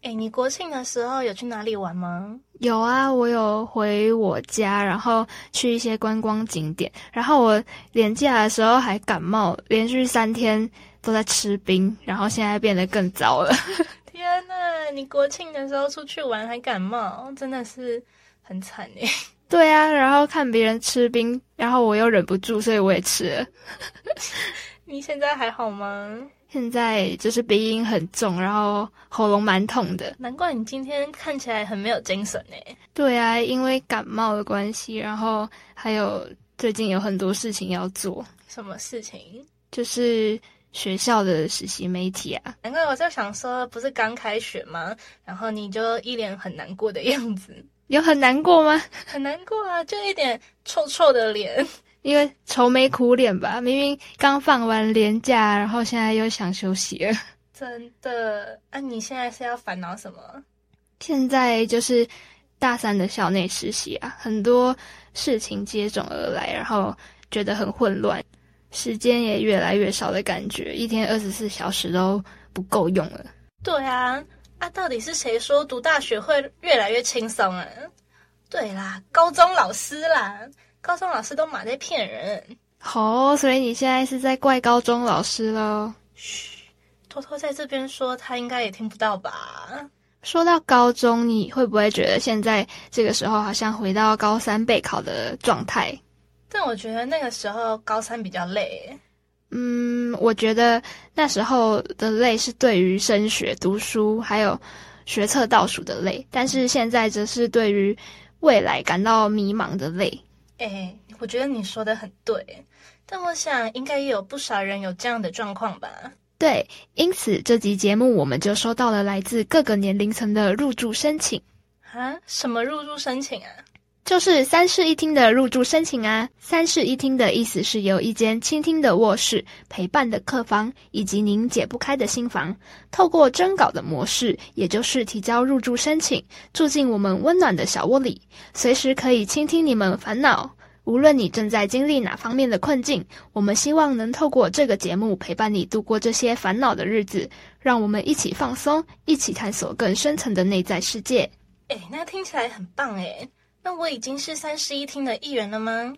哎、欸，你國慶的時候有去哪裡玩嗎？有啊，我有回我家，然後去一些觀光景點。然後我連假的時候還感冒，連續三天都在吃冰，然後現在變得更糟了。天哪！你國慶的時候出去玩還感冒，真的是很慘耶。對啊，然後看別人吃冰，然後我又忍不住，所以我也吃了。 你現在還好嗎？現在就是鼻音很重，然後喉嚨蠻痛的。難怪你今天看起來很沒有精神呢、欸。對啊，因為感冒的關係，然後還有最近有很多事情要做。什麼事情？就是學校的實習媒體啊。難怪我就想說，不是剛開學嗎？然後你就一臉很難過的樣子。有很難過嗎？很難過啊，就一點臭臭的臉。因為愁眉苦臉吧，明明剛放完年假，然後現在又想休息了。真的？那、啊、你現在是要煩惱什麼？現在就是大三的校內實習啊，很多事情接踵而來，然後覺得很混亂，時間也越來越少的感覺，一天二十四小時都不夠用了。對啊，啊，到底是誰說讀大學會越來越輕鬆啊？對啦，高中老師啦。高中老師都馬在騙人，好，oh, 所以你現在是在怪高中老師嘍？噓，偷偷在這邊說，他應該也聽不到吧？說到高中，你會不會覺得現在這個時候好像回到高三備考的狀態？但我覺得那個時候高三比較累。嗯，我覺得那時候的累是對於升學、讀書還有學測倒數的累，但是現在則是對於未來感到迷茫的累。誒、欸，我覺得你說得很對，但我想應該也有不少人有這樣的狀況吧？對，因此這集節目我們就收到了來自各個年齡層的入住申請。啊，什麼入住申請啊？就是三室一廳的入住申請啊！三室一廳的意思是由一間傾聽的臥室、陪伴的客房以及您解不開的心房。透過徵稿的模式，也就是提交入住申請，住進我們溫暖的小窩裡，隨時可以傾聽你們煩惱。無論你正在經歷哪方面的困境，我們希望能透過這個節目陪伴你度過這些煩惱的日子。讓我們一起放鬆，一起探索更深層的內在世界。誒，那聽起來很棒誒。那我已經是三室一廳的一員了嗎？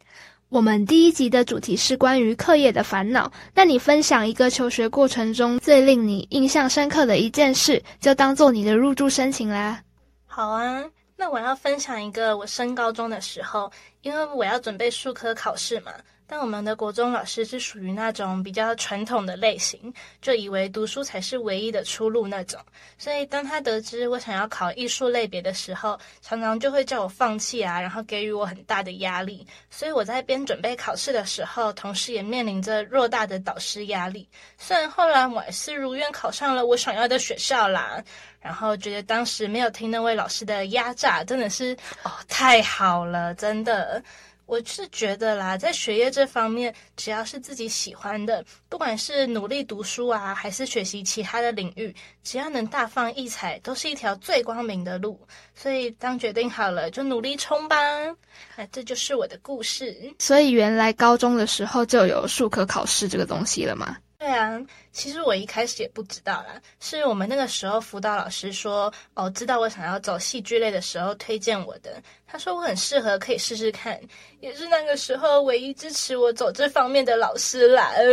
我們第一集的主題是關於課業的煩惱。那你分享一個求學過程中最令你印象深刻的一件事，就當做你的入住申請啦。好啊，那我要分享一個我升高中的時候，因為我要準備數科考試嘛。但我們的國中老師是屬於那種比較傳統的類型，就以為讀書才是唯一的出路那種。所以當他得知我想要考藝術類別的時候，常常就會叫我放棄啊，然後給予我很大的壓力。所以我在邊準備考試的時候，同時也面臨着偌大的導師壓力。雖然後來我還是如願考上了我想要的學校啦，然後覺得當時沒有聽那位老師的壓榨，真的是，哦，太好了，真的。我是覺得啦，在學業這方面，只要是自己喜歡的，不管是努力讀書啊，還是學習其他的領域，只要能大放異彩，都是一條最光明的路。所以，當決定好了，就努力衝吧！啊這就是我的故事。所以，原來高中的時候就有術科考試這個東西了嗎？對啊，其實我一開始也不知道啦，是我們那個時候輔導老師說，哦，知道我想要走戲劇類的時候推薦我的，他說我很適合，可以試試看，也是那個時候唯一支持我走這方面的老師啦。呃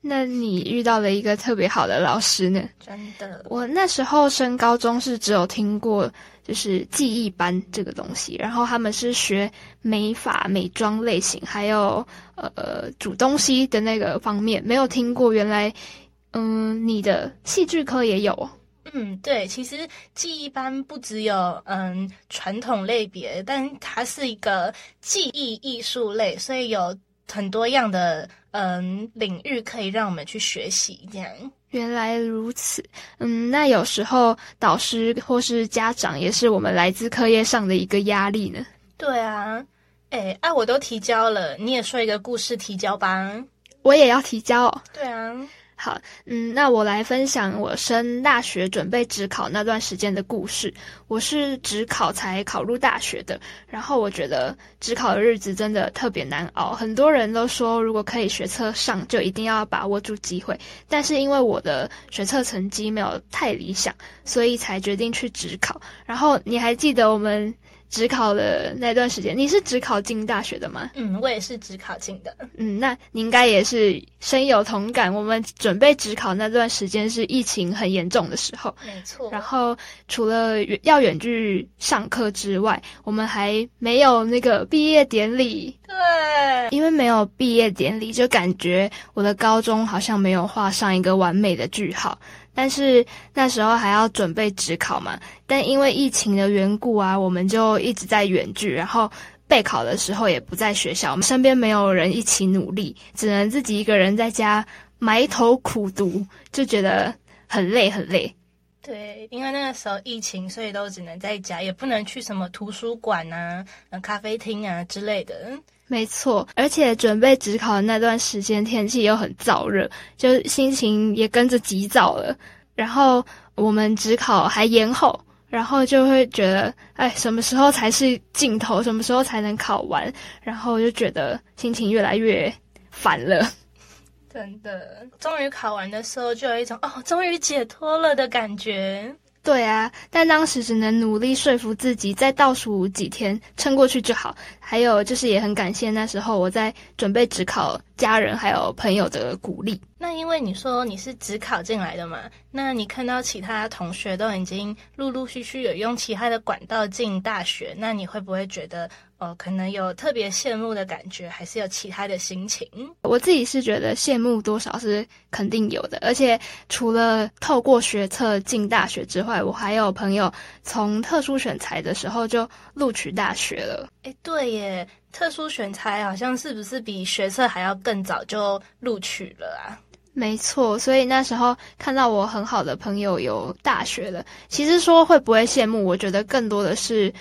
那你遇到了一個特別好的老師呢？真的，我那時候升高中是只有聽過就是技藝班這個東西，然後他們是學美髮、美妝類型，還有呃煮東西的那個方面，沒有聽過原來，嗯，你的戲劇科也有。嗯，對，其實技藝班不只有嗯傳統類別，但它是一個技藝、藝術類，所以有很多樣的。嗯，領域可以讓我們去學習，這樣。原來如此，嗯，那有時候導師或是家長也是我們來自課業上的一個壓力呢？對啊，誒、欸、哎、啊，我都提交了，你也說一個故事提交吧。我也要提交。對啊。好，嗯，那我來分享我升大學準備指考那段時間的故事。我是指考才考入大學的，然後我覺得指考的日子真的特別難熬。很多人都說，如果可以學測上，就一定要把握住機會。但是因為我的學測成績沒有太理想，所以才決定去指考。然後你還記得我們？指考了那段時間，你是指考進大學的嗎？嗯，我也是指考進的。嗯，那你應該也是深有同感。我們準備指考那段時間是疫情很嚴重的時候，沒錯。然後除了遠要遠距上課之外，我們還沒有那個畢業典禮。對，因為沒有畢業典禮，就感覺我的高中好像沒有畫上一個完美的句號。但是那時候還要準備指考嘛，但因為疫情的緣故啊，我們就一直在遠距，然後備考的時候也不在學校，我們身邊沒有人一起努力，只能自己一個人在家埋頭苦讀，就覺得很累很累。對，因為那個時候疫情，所以都只能在家，也不能去什麼圖書館啊、咖啡廳啊之類的。沒錯，而且準備指考的那段時間天氣又很燥熱，就心情也跟着急躁了。然後我們指考還延後，然後就會覺得，哎，什麼時候才是盡頭？什麼時候才能考完？然後就覺得心情越來越煩了。真的，終於考完的時候，就有一種哦，終於解脫了的感覺。對啊，但當時只能努力說服自己，再倒數幾天，撐過去就好。還有就是，也很感謝那時候我在準備指考。家人還有朋友的鼓勵。那因為你說你是指考進來的嘛，那你看到其他同學都已經陸陸續續有用其他的管道進大學，那你會不會覺得，呃、哦，可能有特別羨慕的感覺，還是有其他的心情？我自己是覺得羨慕多少是肯定有的，而且除了透過學測進大學之外，我還有朋友從特殊選才的時候就錄取大學了。誒，對耶。特殊選才好像是不是比學測還要更早就錄取了啊？沒錯，所以那時候看到我很好的朋友有大學了，其實說會不會羨慕，我覺得更多的是，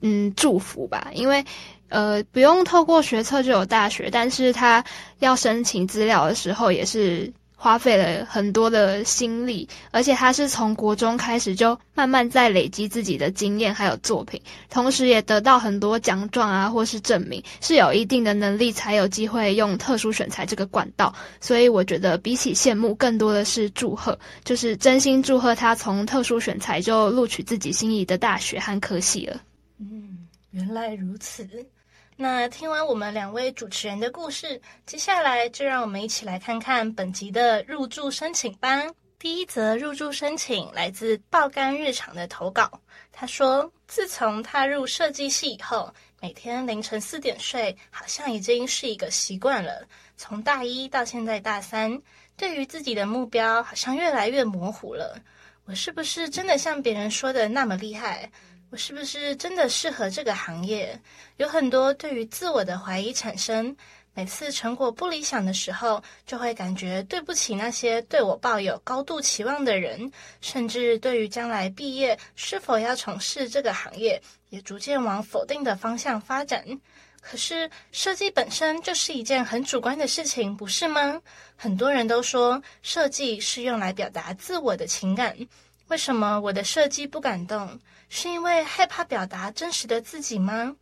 嗯，祝福吧，因為，呃，不用透過學測就有大學，但是他要申請資料的時候也是。花費了很多的心力，而且他是從國中開始就慢慢在累積自己的經驗還有作品，同時也得到很多獎狀啊，或是證明是有一定的能力才有機會用特殊選才這個管道。所以我覺得比起羨慕，更多的是祝賀，就是真心祝賀他從特殊選才就錄取自己心儀的大學和科系了。嗯，原來如此。那聽完我們兩位主持人的故事，接下來就讓我們一起來看看本集的入住申請吧。第一則入住申請來自爆肝日常的投稿，他說：“自從踏入設計系以後，每天凌晨四點睡好像已經是一個習慣了。從大一到現在大三，對於自己的目標好像越來越模糊了。我是不是真的像別人說的那麼厲害？”我是不是真的適合這個行業？有很多對於自我的懷疑產生。每次成果不理想的時候，就會感覺對不起那些對我抱有高度期望的人。甚至對於將來畢業是否要從事這個行業，也逐漸往否定的方向發展。可是設計本身就是一件很主觀的事情，不是嗎？很多人都說設計是用來表達自我的情感。為什麼我的設計不感動？是因為害怕表達真實的自己嗎？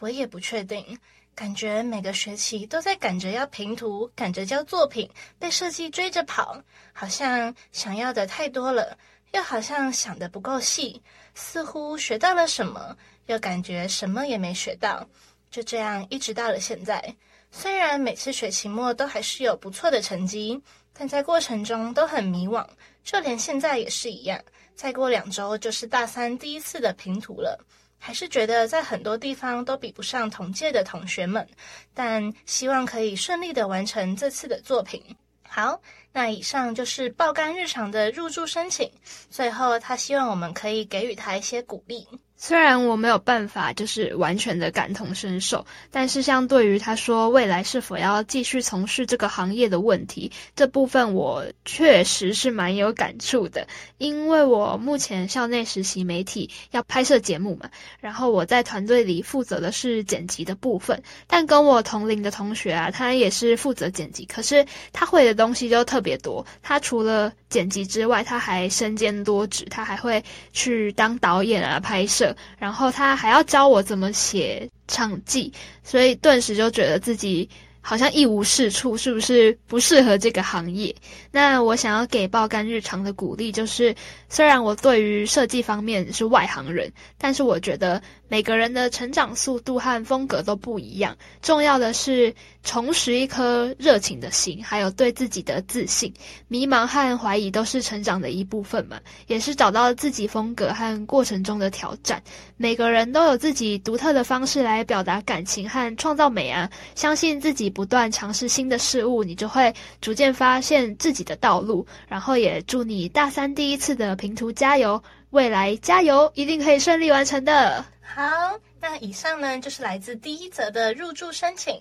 我也不確定。感覺每個學期都在趕着要評圖，趕着交作品，被設計追着跑，好像想要的太多了，又好像想得不夠細。似乎學到了什麼，又感覺什麼也沒學到。就這樣一直到了現在。雖然每次學期末都還是有不錯的成績，但在過程中都很迷惘，就連現在也是一樣。再過兩周就是大三第一次的評圖了，還是覺得在很多地方都比不上同屆的同學們，但希望可以順利的完成這次的作品。好。那以上就是爆肝日常的入住申請。最後，他希望我們可以給予他一些鼓勵。雖然我沒有辦法就是完全的感同身受，但是相對於他說未來是否要繼續從事這個行業的問題，這部分我確實是蠻有感觸的。因為我目前校內實習媒體要拍攝節目嘛，然後我在團隊裡負責的是剪輯的部分。但跟我同齡的同學啊，他也是負責剪輯，可是他會的東西就特。別多，他除了剪輯之外，他還身兼多職，他還會去當導演啊、拍攝，然後他還要教我怎麼寫場記，所以頓時就覺得自己。好像一無是處，是不是不適合這個行業？那我想要給爆肝日常的鼓勵就是，雖然我對於設計方面是外行人，但是我覺得每個人的成長速度和風格都不一樣。重要的是重拾一顆熱情的心，還有對自己的自信。迷茫和懷疑都是成長的一部分嘛，也是找到自己風格和過程中的挑戰。每個人都有自己獨特的方式來表達感情和創造美啊，相信自己。不斷嘗試新的事物，你就會逐漸發現自己的道路。然後也祝你大三第一次的評圖加油，未來加油，一定可以順利完成的。好，那以上呢就是來自第一則的入住申請。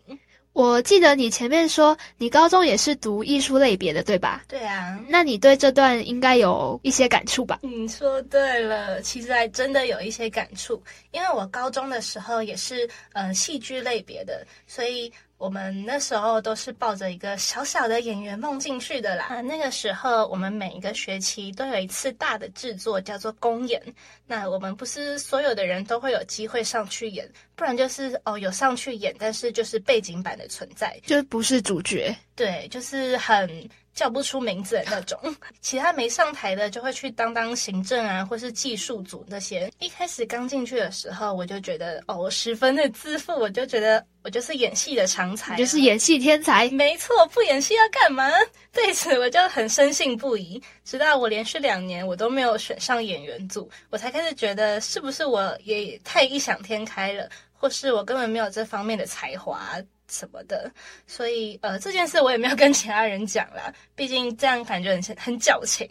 我記得你前面說你高中也是讀藝術類別的，對吧？對啊，那你對這段應該有一些感觸吧？你說對了，其實還真的有一些感觸，因為我高中的時候也是呃戲劇類別的，所以。我們那時候都是抱着一個小小的演員夢進去的啦。那個時候，我們每一個學期都有一次大的製作，叫做公演。那我們不是所有的人都會有機會上去演，不然就是哦有上去演，但是就是背景版的存在，就不是主角。對，就是很。叫不出名字的那種，其他沒上台的就會去當當行政啊，或是技術組那些。一開始剛進去的時候，我就覺得哦，我十分的自負，我就覺得我就是演戲的常才，就是演戲天才。沒錯，不演戲要幹嘛？對此我就很深信不疑，直到我連續兩年我都沒有選上演員組，我才開始覺得是不是我也太異想天開了，或是我根本沒有這方面的才華什麼的，所以呃，這件事我也沒有跟其他人講啦，畢竟這樣感覺很很矯情，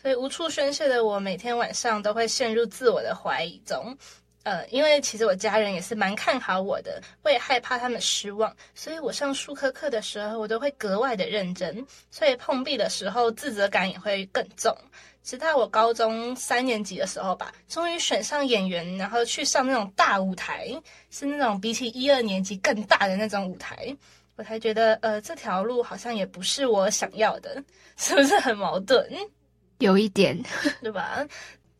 所以無處宣洩的我每天晚上都會陷入自我的懷疑中。呃，因為其實我家人也是蠻看好我的，我也害怕他們失望，所以我上術科課的時候，我都會格外的認真。所以碰壁的時候，自責感也會更重。直到我高中三年級的時候吧，終於選上演員，然後去上那種大舞台，是那種比起一二年級更大的那種舞台，我才覺得，呃，這條路好像也不是我想要的，是不是很矛盾？有一點， 對吧？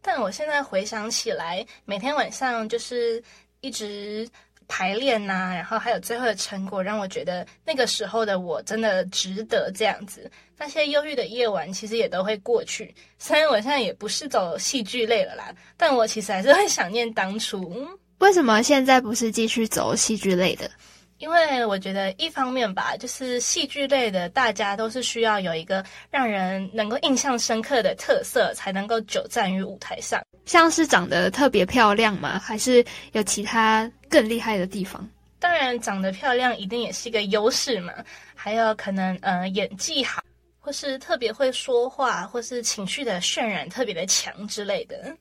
但我現在回想起來，每天晚上就是一直排練吶、啊，然後還有最後的成果，讓我覺得那個時候的我真的值得這樣子。那些憂鬱的夜晚，其實也都會過去。雖然我現在也不是走戲劇類了啦，但我其實還是會想念當初。為什麼現在不是繼續走戲劇類的？因為我覺得一方面吧，就是戲劇類的，大家都是需要有一個讓人能夠印象深刻的特色，才能夠久站於舞台上。像是長得特別漂亮嗎，還是有其他更厲害的地方？當然，長得漂亮一定也是一個優勢嘛。還有可能，呃，演技好，或是特別會說話，或是情緒的渲染特別的強之類的。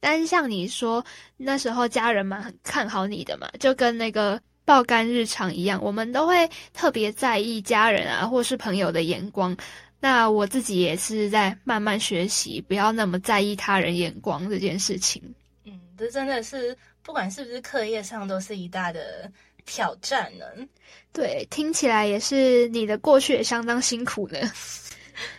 但是像你說那時候家人嘛很看好你的嘛，就跟那個。爆肝日常一樣，我們都會特別在意家人啊，或是朋友的眼光。那我自己也是在慢慢學習，不要那麼在意他人眼光這件事情。嗯，這真的是不管是不是課業上，都是一大的挑戰呢、啊。對，聽起來也是你的過去也相當辛苦呢。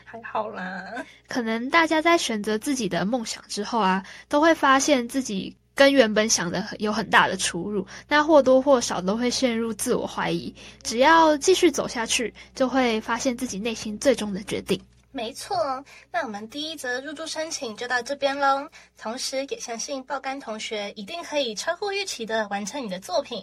還好啦，可能大家在選擇自己的夢想之後啊，都會發現自己。跟原本想的有很大的出入，那或多或少都會陷入自我懷疑。只要繼續走下去，就會發現自己內心最終的決定。沒錯，那我們第一則入住申請就到這邊嘍。同時也相信爆肝同學一定可以超乎預期的完成你的作品。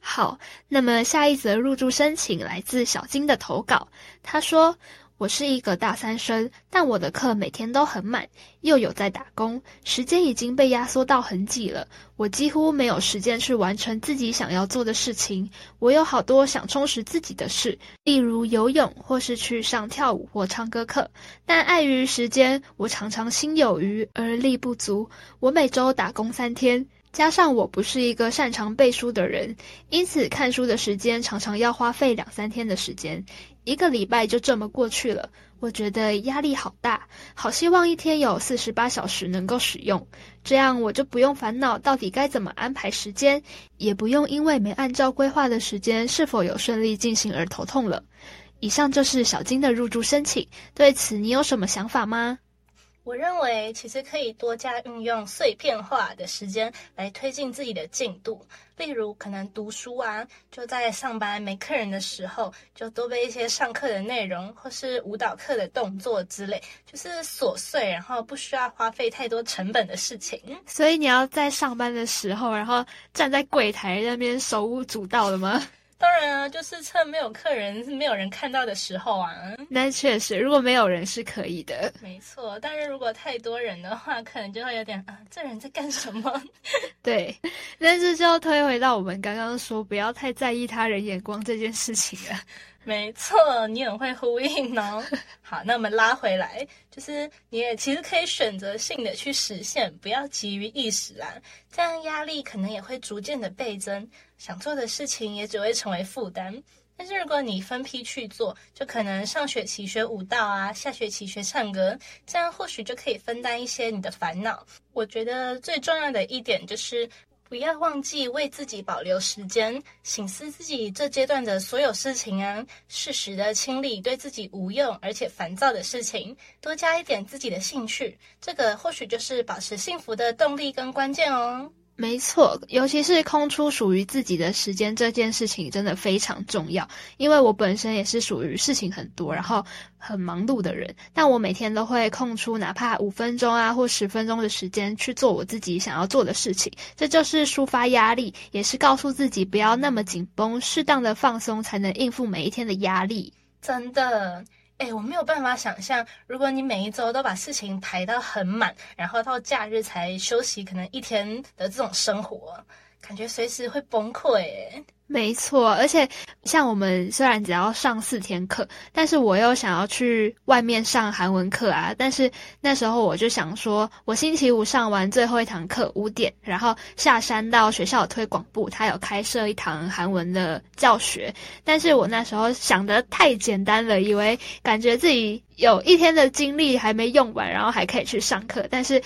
好，那麼下一則入住申請來自小金的投稿，他說。我是一個大三生，但我的課每天都很滿，又有在打工，時間已經被壓縮到很擠了。我幾乎沒有時間去完成自己想要做的事情。我有好多想充實自己的事，例如游泳，或是去上跳舞或唱歌課，但礙於時間，我常常心有餘而力不足。我每周打工三天。加上我不是一個擅長背書的人，因此看書的時間常常要花費兩三天的時間，一個禮拜就這麼過去了。我覺得壓力好大，好希望一天有四十八小時能夠使用，這樣我就不用煩惱到底該怎麼安排時間，也不用因為沒按照規劃的時間是否有順利進行而頭痛了。以上就是小金的入住申請，對此你有什麼想法嗎？我認為其實可以多加運用碎片化的時間來推進自己的進度，例如可能讀書啊，就在上班沒客人的時候，就多背一些上課的內容，或是舞蹈課的動作之類，就是瑣碎，然後不需要花費太多成本的事情。所以你要在上班的時候，然後站在櫃檯那邊手舞足蹈的嗎？當然啊，就是趁沒有客人、沒有人看到的時候啊。那確實，如果沒有人是可以的。沒錯，但是如果太多人的話，可能就會有點啊，這人在幹什麼？ 對。但是就要推回到我們剛剛說，不要太在意他人眼光這件事情啊。沒錯，你很會呼應哦。好，那我們拉回來，就是你也其實可以選擇性的去實現，不要急於一時啊，這樣壓力可能也會逐漸的倍增，想做的事情也只會成為負擔。但是如果你分批去做，就可能上學期學舞蹈啊，下學期學唱歌，這樣或許就可以分擔一些你的煩惱。我覺得最重要的一點就是。不要忘記為自己保留時間，省思自己這階段的所有事情啊，適時的清理對自己無用而且煩躁的事情，多加一點自己的興趣，這個或許就是保持幸福的動力跟關鍵哦。沒錯，尤其是空出屬於自己的時間，這件事情真的非常重要。因為我本身也是屬於事情很多，然後很忙碌的人，但我每天都會空出哪怕五分鐘啊，或十分鐘的時間去做我自己想要做的事情。這就是抒發壓力，也是告訴自己不要那麼緊繃，適當的放鬆才能應付每一天的壓力。真的。哎、欸，我沒有辦法想象如果你每一周都把事情排到很滿，然後到假日才休息，可能一天的這種生活，感覺隨時會崩潰。誒沒錯，而且像我們雖然只要上四天課，但是我又想要去外面上韓文課啊。但是那時候我就想說，我星期五上完最後一堂課，五點，然後下山到學校的推廣部，他有開設一堂韓文的教學。但是我那時候想得太簡單了，以為感覺自己有一天的精力還沒用完，然後還可以去上課，但是。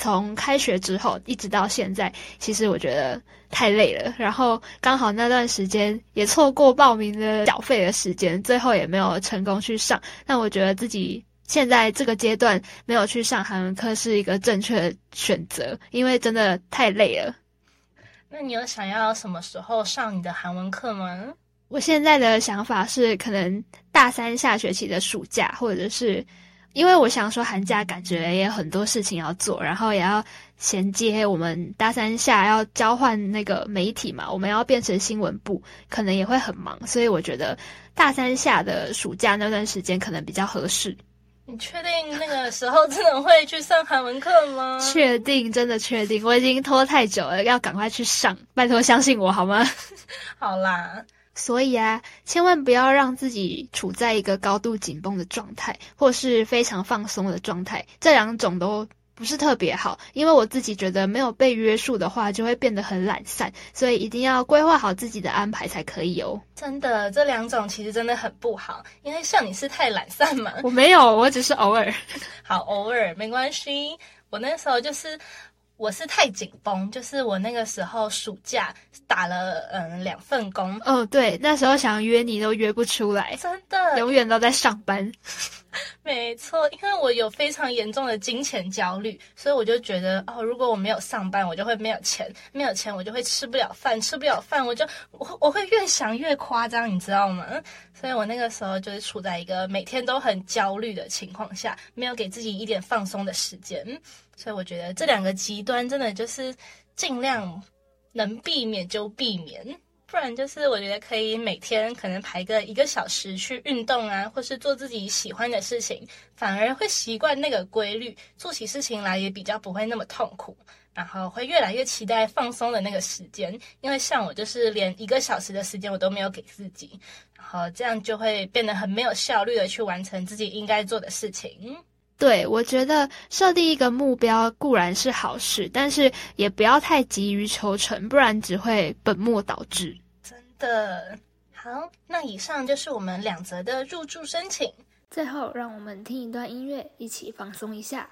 從開學之後一直到現在，其實我覺得太累了。然後剛好那段時間也錯過報名的繳費的時間，最後也沒有成功去上。但我覺得自己現在這個階段沒有去上韓文課是一個正確的選擇，因為真的太累了。那你有想要什麼時候上你的韓文課嗎？我現在的想法是，可能大三下學期的暑假，或者是。因為我想說，寒假感覺也很多事情要做，然後也要銜接我們大三下要交換那個媒體嘛，我們要變成新聞部，可能也會很忙，所以我覺得大三下的暑假那段時間可能比較合適。你確定那個時候真的會去上韓文課嗎？ 確定，真的確定，我已經拖太久了，要趕快去上，拜托相信我好嗎？ 好啦。所以啊，千萬不要讓自己處在一個高度緊繃的狀態，或是非常放鬆的狀態，這兩種都不是特別好。因為我自己覺得，沒有被約束的話，就會變得很懶散，所以一定要規劃好自己的安排才可以哦。真的，這兩種其實真的很不好，因為像你是太懶散嘛。我沒有，我只是偶爾。 好，偶爾沒關係。我那時候就是。我是太緊繃，就是我那個時候暑假打了嗯兩份工。哦，對，那時候想要約你都約不出來，真的，永遠都在上班。 沒錯，因為我有非常嚴重的金錢焦慮，所以我就覺得哦，如果我沒有上班，我就會沒有錢，沒有錢我就會吃不了飯，吃不了飯我就我我會越想越誇張，你知道嗎？所以我那個時候就是處在一個每天都很焦慮的情況下，沒有給自己一點放鬆的時間。所以我覺得這兩個極端真的就是盡量能避免就避免。不然就是，我覺得可以每天可能排個一個小時去運動啊，或是做自己喜歡的事情，反而會習慣那個規律，做起事情來也比較不會那麼痛苦，然後會越來越期待放鬆的那個時間。因為像我，就是連一個小時的時間我都沒有給自己，然後這樣就會變得很沒有效率的去完成自己應該做的事情。對，我覺得設定一個目標固然是好事，但是也不要太急於求成，不然只會本末倒置。真的好，那以上就是我們兩則的入住申請。最後，讓我們聽一段音樂，一起放鬆一下。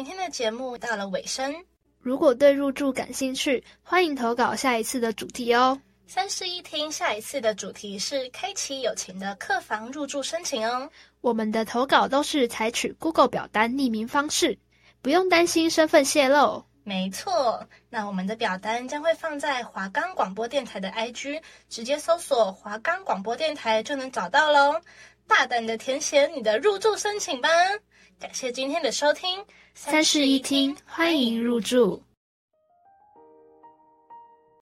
今天的節目到了尾聲，如果對入住感興趣，歡迎投稿下一次的主題哦。三室一廳，下一次的主題是開啟友情的客房入住申請哦。我們的投稿都是採取 Google 表單匿名方式，不用擔心身份洩露。沒錯，那我們的表單將會放在華岡廣播電台的 IG，直接搜索華岡廣播電台就能找到嘍。大膽的填寫你的入住申請吧。感謝今天的收聽，三室一廳，歡迎入住。